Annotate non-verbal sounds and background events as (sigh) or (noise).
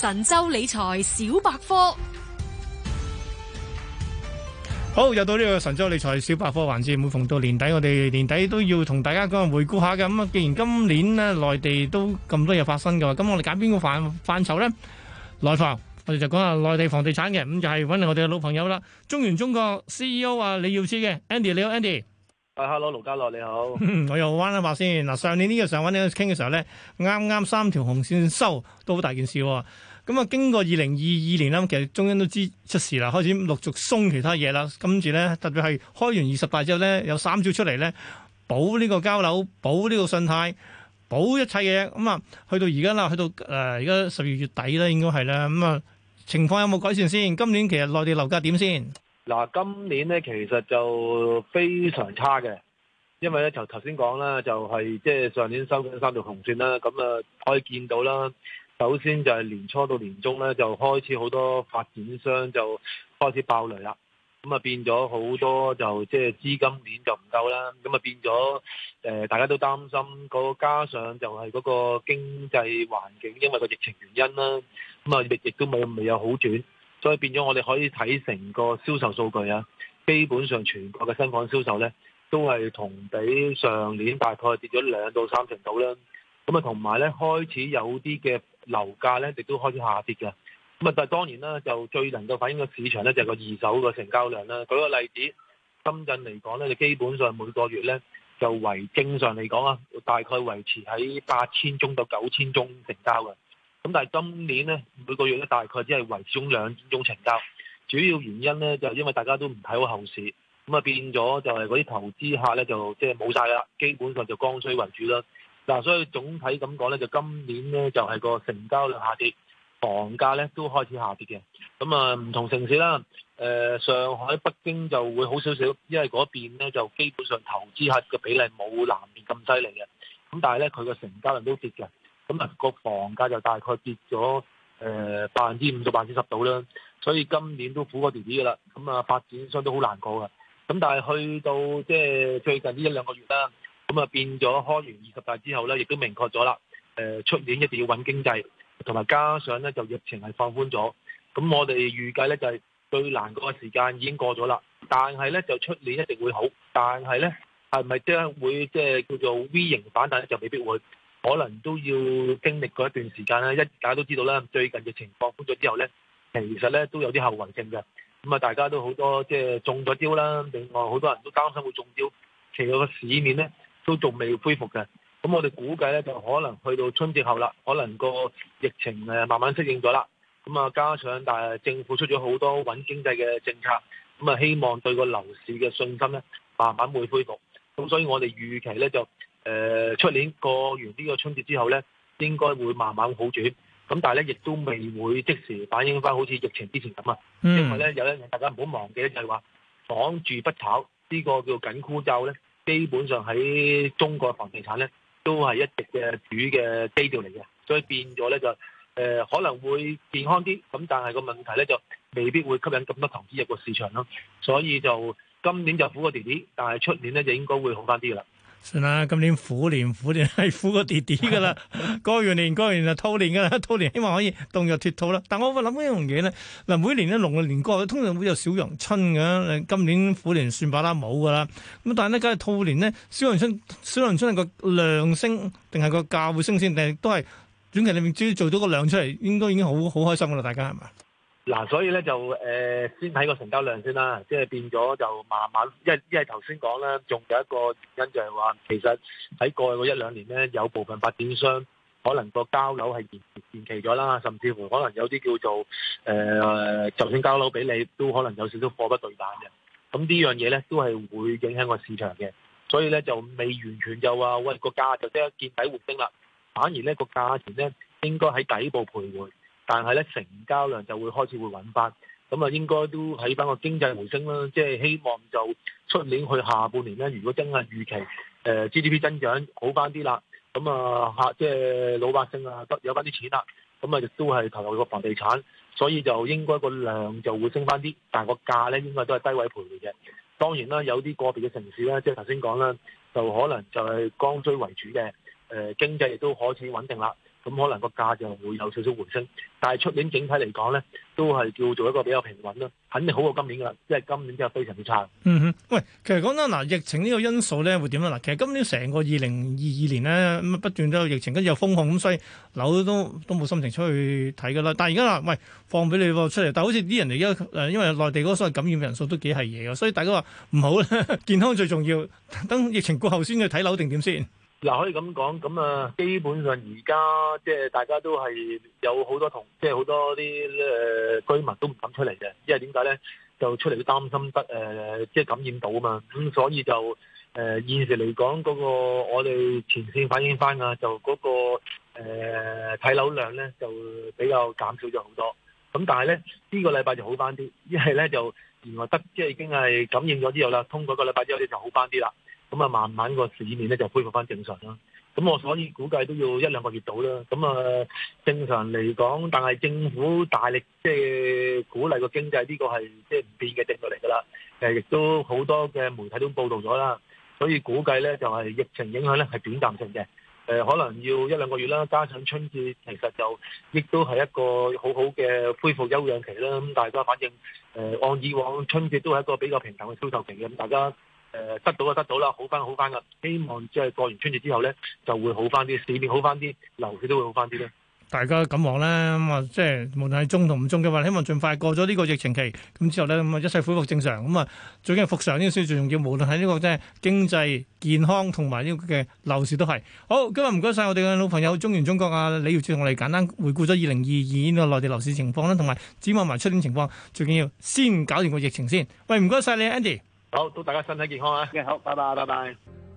神州理財小百科，好，又到呢個神州理財小百科環節，環節每逢到年底，我哋年底都要同大家講下、回顧下嘅。咁啊，既然今年咧內地都咁多嘢發生嘅話，咁我哋揀邊個範範疇咧？內房，我哋就講下內地房地產嘅，咁就係、是、揾我哋嘅老朋友啦。中原中國 CEO 啊李耀智嘅 Andy，你好 Andy，誒、啊、Hello 盧家樂你好， (laughs) 我又玩一玩先嗱。上年呢個時候揾你傾嘅時候咧，啱啱三條紅線收都好大件事。咁啊，經過二零二二年啦，其實中央都知出事啦，開始陸續鬆其他嘢啦。跟住咧，特別係開完二十大之後咧，有三招出嚟咧，保呢個交樓、保呢個信貸、保一切嘢。咁、嗯、啊，去到而家啦，去到誒而家十二月底啦，應該係啦。咁、嗯、啊，情況有冇改善先？今年其實內地樓價點先？嗱，今年咧其實就非常差嘅，因為咧頭頭先講啦，就係、是、即係上年收緊三條紅線啦，咁啊可以見到啦。首先就係年初到年中咧，就開始好多發展商就開始爆雷啦。咁啊變咗好多就，就即、是、係資金鏈就唔夠啦。咁啊變咗誒、呃，大家都擔心嗰、那個、加上就係嗰個經濟環境，因為個疫情原因啦。咁啊亦亦都未未有好轉，所以變咗我哋可以睇成個銷售數據啊。基本上全國嘅新房銷售咧，都係同比上年大概跌咗兩到三成度啦。咁啊同埋咧，開始有啲嘅。樓價咧亦都開始下跌嘅，咁啊，但係當然啦，就最能夠反映個市場咧，就係個二手嘅成交量啦。舉個例子，深圳嚟講咧，就基本上每個月咧，就維正常嚟講啊，大概維持喺八千宗到九千宗成交嘅。咁但係今年咧，每個月咧，大概只係維持咗兩千宗成交，主要原因咧就係因為大家都唔睇好後市，咁啊變咗就係嗰啲投資客咧就即係冇晒啦，基本上就剛需為主啦。嗱、啊，所以總體咁講咧，就今年咧就係、是、個成交量下跌，房價咧都開始下跌嘅。咁啊，唔同城市啦，誒、呃、上海、北京就會好少少，因為嗰邊咧就基本上投資客嘅比例冇南面咁犀利嘅。咁但係咧，佢個成交量都跌嘅。咁啊，個房價就大概跌咗誒百分之五到百分之十度啦。所以今年都苦過弟弟噶啦。咁啊，發展商都好難過嘅。咁但係去到即係、就是、最近呢一兩個月啦。咁啊變咗開完二十大之後咧，亦都明確咗啦。誒出年一定要穩經濟，同埋加上咧就疫情係放寬咗。咁我哋預計咧就係最難嗰個時間已經過咗啦。但係咧就出年一定會好。但係咧係咪將會即係叫做 V 型反彈咧，就未必會。可能都要經歷過一段時間啦。一大家都知道啦，最近嘅情況放寬咗之後咧，其實咧都有啲後遺症嘅。咁啊，大家都好多即係中咗招啦。另外好多人都擔心會中招。其實個市面咧～都仲未恢復嘅，咁我哋估計呢，就可能去到春節後啦，可能個疫情誒慢慢適應咗啦。咁啊，加上但係政府出咗好多穩經濟嘅政策，咁啊希望對個樓市嘅信心呢慢慢會恢復。咁所以我哋預期呢，就誒出、呃、年過完呢個春節之後呢，應該會慢慢好轉。咁但係呢，亦都未會即時反映翻好似疫情之前咁啊。嗯、因為呢，有一樣大家唔好忘記咧，就係話房住不炒呢、這個叫緊箍咒，咒呢。基本上喺中國房地產呢，都係一直嘅主嘅基調嚟嘅，所以變咗呢，就誒、呃、可能會健康啲，咁但係個問題呢，就未必會吸引咁多投資入個市場咯，所以就今年就苦過弟弟，但係出年呢，就應該會好翻啲噶啦。算啦，今年虎年虎年係苦個跌跌噶啦過完年過完就兔年噶啦兔年希望可以動若脱兔啦。但我諗一樣嘢咧，嗱，每年咧農曆年過，通常會有小陽春嘅。今年虎年算把啦，冇噶啦咁但係呢，梗係兔年呢，小陽春小陽春係個量升定係個價會升先，定係都係短期裏面只要做咗個量出嚟，應該已經好好開心噶啦大家係咪？嗱，所以咧就誒先睇個成交量先啦，即係變咗就慢慢，因為因為頭先講啦，仲有一個原因就係話，其實喺過去嗰一兩年咧，有部分發展商可能個交樓係延延期咗啦，甚至乎可能有啲叫做誒，就算交樓俾你，都可能有少少貨不對板嘅。咁呢樣嘢咧，都係會影響個市場嘅。所以咧就未完全就話喂個價就即刻見底回升啦，反而咧個價錢咧應該喺底部徘徊。但係咧，成交量就會開始會穩翻，咁啊，應該都喺翻個經濟回升啦，即係希望就出年去下半年咧，如果真係預期，誒 GDP 增長好翻啲啦，咁啊，客即係老百姓啊，得有翻啲錢啦，咁啊，亦都係投入個房地產，所以就應該個量就會升翻啲，但係個價咧應該都係低位徘徊嘅。當然啦，有啲個別嘅城市咧，即係頭先講啦，就可能就係剛需為主嘅，誒經濟亦都開始穩定啦。咁可能個價就會有少少回升，但係出年整體嚟講咧，都係叫做一個比較平穩咯，肯定好過今年噶啦，因為今年真係非常之差。嗯哼，喂，其實講得，嗱，疫情呢個因素咧會點咧？嗱，其實今年成個二零二二年咧，不斷都有疫情，跟住又封控，咁所以樓都都冇心情出去睇噶啦。但係而家嗱，喂，放俾你出嚟，但係好似啲人哋而家誒，因為內地嗰個所謂感染嘅人數都幾係嘢㗎，所以大家話唔好咧， (laughs) 健康最重要，等疫情過後先去睇樓定點先。嗱、啊，可以咁講，咁啊，基本上而家即係大家都係有好多同，即係好多啲誒、呃、居民都唔敢出嚟嘅，因為點解咧？就出嚟都擔心得誒、呃，即係感染到啊嘛。咁所以就誒、呃、現時嚟講，嗰、那個我哋前線反映翻啊，就嗰、那個睇、呃、樓量咧就比較減少咗好多。咁但係咧呢、這個禮拜就好翻啲，一係咧就原來得即係已經係感染咗之後啦，通過嗰個禮拜之後咧就好翻啲啦。咁啊，慢慢個市面咧就恢復翻正常啦。咁我所以估計都要一兩個月到啦。咁啊，正常嚟講，但係政府大力即係鼓勵個經濟，呢個係即係唔變嘅定律嚟㗎啦。誒，亦都好多嘅媒體都報導咗啦。所以估計咧，就係疫情影響咧係短暫性嘅。誒，可能要一兩個月啦。加上春節其實就亦都係一個好好嘅恢復休養期啦。咁大家反正誒，按以往春節都係一個比較平淡嘅銷售期嘅，咁大家。誒，得到就得到啦，好翻好翻噶，希望即係過完春節之後咧，就會好翻啲，市面好翻啲，樓市都會好翻啲啦。大家咁講啦，咁啊，即係無論係中同唔中嘅話，希望盡快過咗呢個疫情期，咁之後咧，咁啊一切恢復正常，咁啊最緊要復常呢件事最重要，最重要。無論係呢個即係經濟、健康同埋呢個嘅樓市都係好。今日唔該晒我哋嘅老朋友中原中國啊李耀智，同我哋簡單回顧咗二零二二呢個內地樓市情況啦，同埋展望埋出年情況。最緊要先搞掂個疫情先。喂，唔該晒你 Andy。好，祝大家身體健康啊！好，拜拜，拜拜。